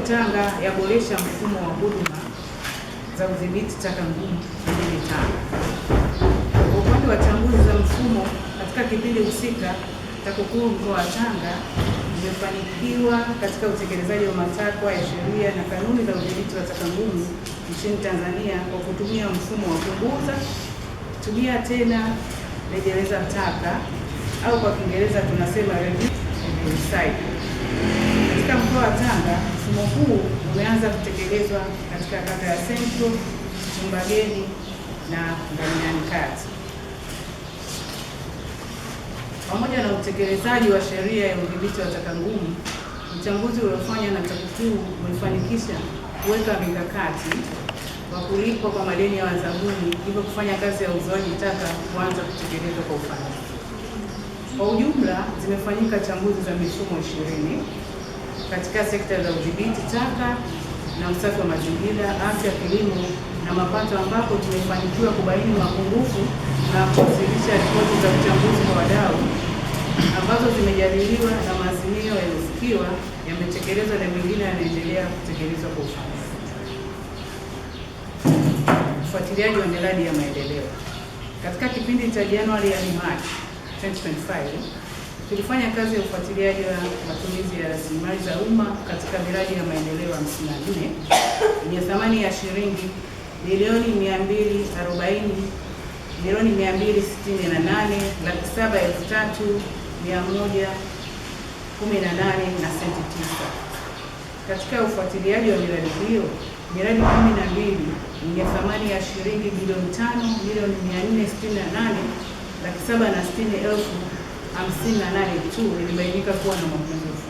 kuu Tanga yaboresha mfumo wa huduma za udhibiti taka ngumu mjini Tanga. Kwa upande wa changuzi za mfumo katika kipindi husika, TAKUKURU mkoa wa Tanga imefanikiwa katika utekelezaji wa matakwa ya sheria na kanuni za udhibiti wa taka ngumu nchini Tanzania kwa kutumia mfumo wa punguza, tumia tena, rejeleza taka au kwa Kiingereza tunasema reduce and recycle. Katika mkoa huu umeanza kutekelezwa katika kata ya Central, sumbageni na Ngamiani Kati. Pamoja na utekelezaji wa sheria ya udhibiti wa taka ngumu, uchambuzi uliofanywa na TAKUKURU umefanikisha kuweka mikakati wa kulipwa kwa madeni ya wazabuni, hivyo kufanya kazi ya uzoaji taka kuanza kutekelezwa kwa ufanisi. Kwa ujumla, zimefanyika chambuzi za mifumo ishirini katika sekta za udhibiti taka na usafi wa mazingira, afya, kilimo na mapato, ambapo tumefanikiwa kubaini mapungufu na kuwasilisha ripoti za uchambuzi kwa wadau ambazo zimejadiliwa na maazimio yaliyofikiwa yametekelezwa na mengine yanaendelea kutekelezwa kwa ufanisi. Ufuatiliaji wa miradi ya maendeleo katika kipindi cha Januari hadi Machi 2025 Tulifanya kazi ya ufuatiliaji wa matumizi ya rasilimali za umma katika miradi ya maendeleo 54 yenye thamani ya shilingi bilioni 240 milioni nane laki saba elfu tatu mia moja kumi na nane na senti tisa. Katika ufuatiliaji wa miradi hiyo, miradi kumi na mbili yenye thamani ya shilingi bilioni tano milioni mia nne sitini na nane laki saba na sitini elfu hamsini na nane tu ilibainika kuwa na mapungufu,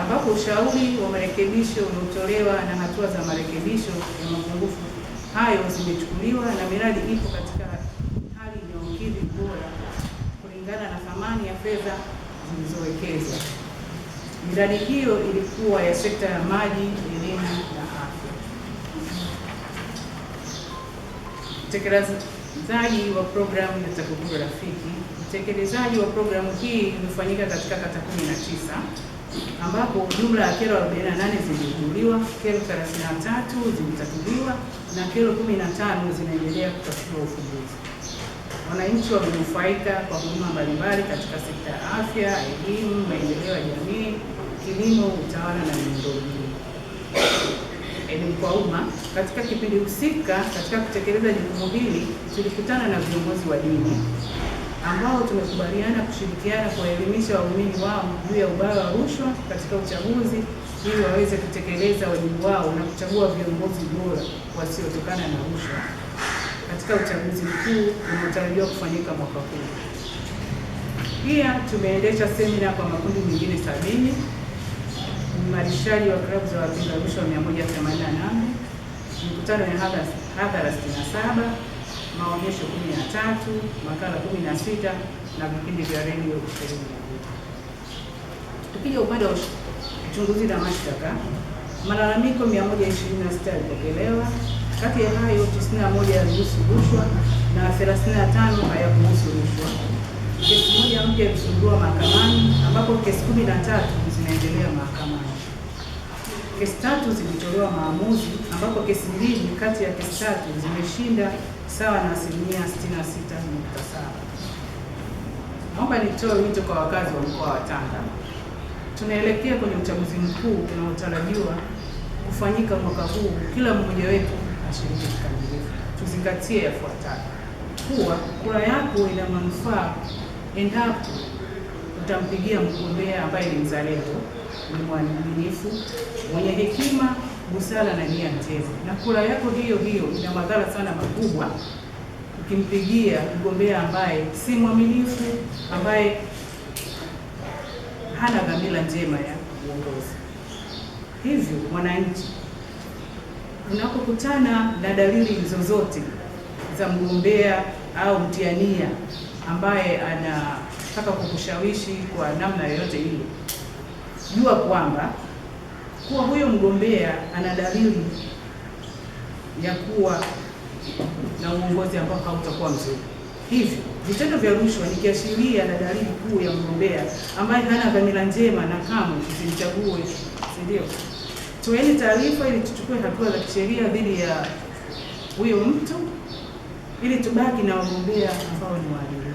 ambapo ushauri wa marekebisho uliotolewa na hatua za marekebisho ya mapungufu hayo zimechukuliwa na miradi ipo katika hali inayokidhi bora kulingana na thamani ya fedha zilizowekezwa. Miradi hiyo ilikuwa ya sekta ya maji, elimu na afya uanzaji wa programu ya TAKUKURU Rafiki. Utekelezaji wa programu hii umefanyika katika kata 19 ambapo jumla ya kero 48 ziligunduliwa, kero 33 zimetatuliwa na kero 15 zinaendelea kutafutiwa ufumbuzi. Wananchi wamenufaika kwa huduma mbalimbali katika sekta ya afya, elimu, maendeleo ya jamii, kilimo, utawala na miundombinu elimu kwa umma katika kipindi husika. Katika kutekeleza jukumu hili, tulikutana na viongozi wa dini ambao tumekubaliana kushirikiana kuwaelimisha waumini wao juu ya ubaya wa rushwa katika uchaguzi ili waweze kutekeleza wajibu wao na kuchagua viongozi bora wasiotokana na rushwa katika uchaguzi mkuu unaotarajiwa kufanyika mwaka huu. Pia tumeendesha semina kwa makundi mengine sabini uanzishaji wa klabu za wapiga rushwa 188, mikutano ya hadhara 67, maonyesho 13, makala 16 na vipindi vya redio 21. Tukija upande wa uchunguzi na mashtaka, malalamiko 126 yalipokelewa. Kati ya hayo 91 yalihusu rushwa na 35 hayakuhusu rushwa. Kesi moja mpya ilisugua mahakamani ambapo kesi 13 zinaendelea mahakamani kesi tatu zilitolewa maamuzi ambapo kesi mbili kati ya kesi tatu zimeshinda sawa na asilimia 66.7. Naomba nitoe wito kwa wakazi wa mkoa wa Tanga. Tunaelekea kwenye uchaguzi mkuu unaotarajiwa kufanyika mwaka huu. Kila mmoja wetu ashiriki kikamilifu. Tuzingatie yafuatayo: kuwa kura yako ina manufaa endapo utampigia mgombea ambaye ni mzalendo ni mwaminifu, mwenye hekima, busara na nia njema, na kura yako hiyo hiyo ina madhara sana makubwa ukimpigia mgombea ambaye si mwaminifu, ambaye hana dhamira njema ya uongozi. Hivyo mwananchi, unapokutana na dalili zozote za mgombea au mtiania ambaye anataka kukushawishi kwa namna yoyote ile jua kwamba kuwa huyo mgombea ana dalili ya kuwa na uongozi ambao hautakuwa mzuri. Hivyo vitendo vya rushwa ni kiashiria na dalili kuu ya mgombea ambaye hana dhamira njema na kamwe tusimchague, si ndio? Toeni taarifa ili tuchukue hatua za kisheria dhidi ya huyo mtu ili tubaki na wagombea ambao ni waadilifu.